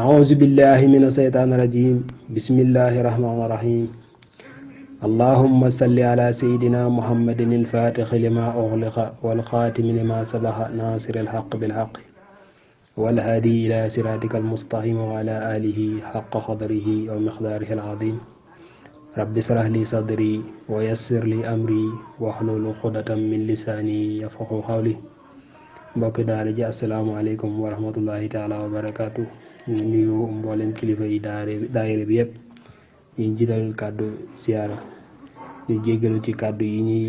أعوذ بالله من الشيطان الرجيم بسم الله الرحمن الرحيم اللهم صل على سيدنا محمد الفاتح لما أغلق والخاتم لما سبق ناصر الحق بالحق والهادي إلى صراطك المستقيم وعلى آله حق قدره ومقداره العظيم رب اشرح لي صدري ويسر لي أمري واحلل عقدة من لساني يفقه قولي mbokk daara ji asalaamaaleykum wa rahmatullahi taala wa barakaatu ñu nuyu mboolem kilifa yi daare daayira bi yëpp ñu jiital kàddu ziyaara ñu jéggalu ci kàddu yi ñuy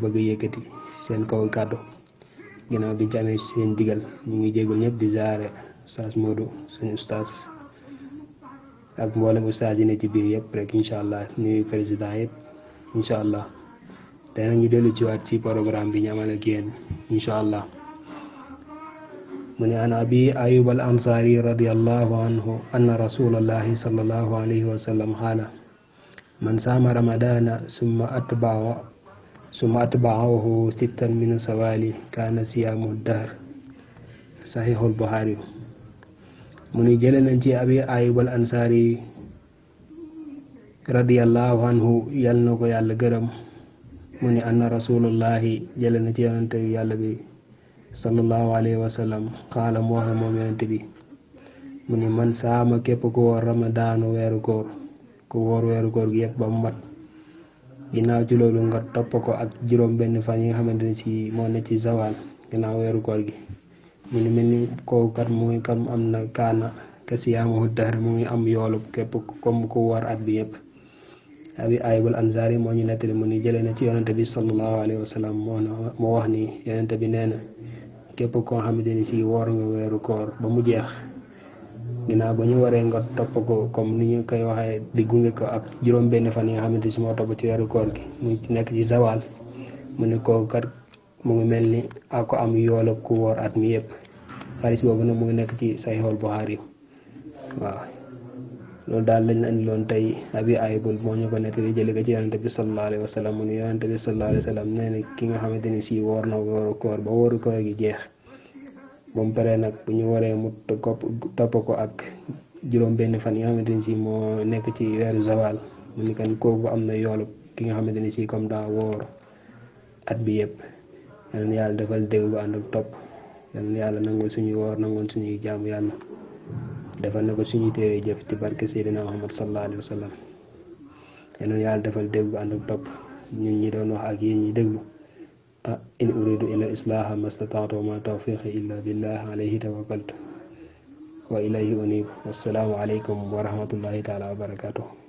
bëgg yëkkati seen kaw kàddu ginnaaw bi ñu ci seen digal ñu ngi jéggal ñëpp di ziyaare Oustaz Modou suñu oustaz ak mboolem oustaz yi ne ci biir yëpp rek incha allah nuyu président yëpp incha allah tey nag ñu dellu ci waat ci programme bi ñu amal ak allah من عن أبي أيوب الأنصاري رضي الله عنه أن رسول الله صلى الله عليه وسلم قال من سام رمضان ثم أتبع ثم أتبعه ستا من سوالي كان صيام الدهر صحيح البخاري من جلنا جي أبي أيوب الأنصاري رضي الله عنه يلنقو يالغرم من أن رسول الله جلنا جي أنت يالبي sallallahu alayhi xaala mu wax ne moom yonent bi mu ni man saama képp ku woor ramadaanu weeru koor ku woor weeru koor gi yëpp ba mu mat ginnaaw ci loolu nga topp ko ak juróom benn fan yi nga xamante ne ci moo ne ci zawal ginnaaw weeru koor gi mu ni mel ni kooku kat mu ngi kam am na kaana kasiyaamu dahr mu ngi am yoolu képp comme ku woor at bi yëpp abi ayibul ansaari moo ñu nettali mu ni jëlee na ci yonente bi sallallahu alayhi wa sallam moo wax ni yonente bi nee na képp ko xamante ni si woor nga weeru koor ba mu jeex ginaaw ba ñu waree nga topp ko comme ni ñu koy waxee di gunge ko ak juróom benn fan yi nga xamante si moo topp ci weeru koor gi mu nekk ci zawal mu ne kooku kat mu ngi mel ni ak ko am yoolab ku woor at mi yëpp xaalis boobu nag mu ngi nekk ci Sahihul Bukhari waaw loolu daal lañ la loon tey abi ayibul moo ñu ko nettali jële ko ci yonante bi sallallahu alayhi wa sallam mu ne yonante bi sallallahu alayhi wa na ki nga xamante ni si woor na wooru koor ba wooru gi jeex ba nag bu ñu waree mu topp ko ak juróom fan yi xamante ni si moo nekk ci weeru zawal mu ni kooku am na yoolu ki nga xamante ni si comme daa woor at bi yëpp yal na yàlla defal dégg bu ànd topp yal yàlla nangu suñuy woor nangul suñuy jaamu yàlla دفن نكو سيني تيري جيف تي سيدنا محمد صلى الله عليه وسلم انو يال دفال دغ اندك توب ني ني دون واخ اك ان اريد الى اصلاح ما استطعت وما توفيق الا بالله عليه توكلت واليه انيب والسلام عليكم ورحمه الله تعالى وبركاته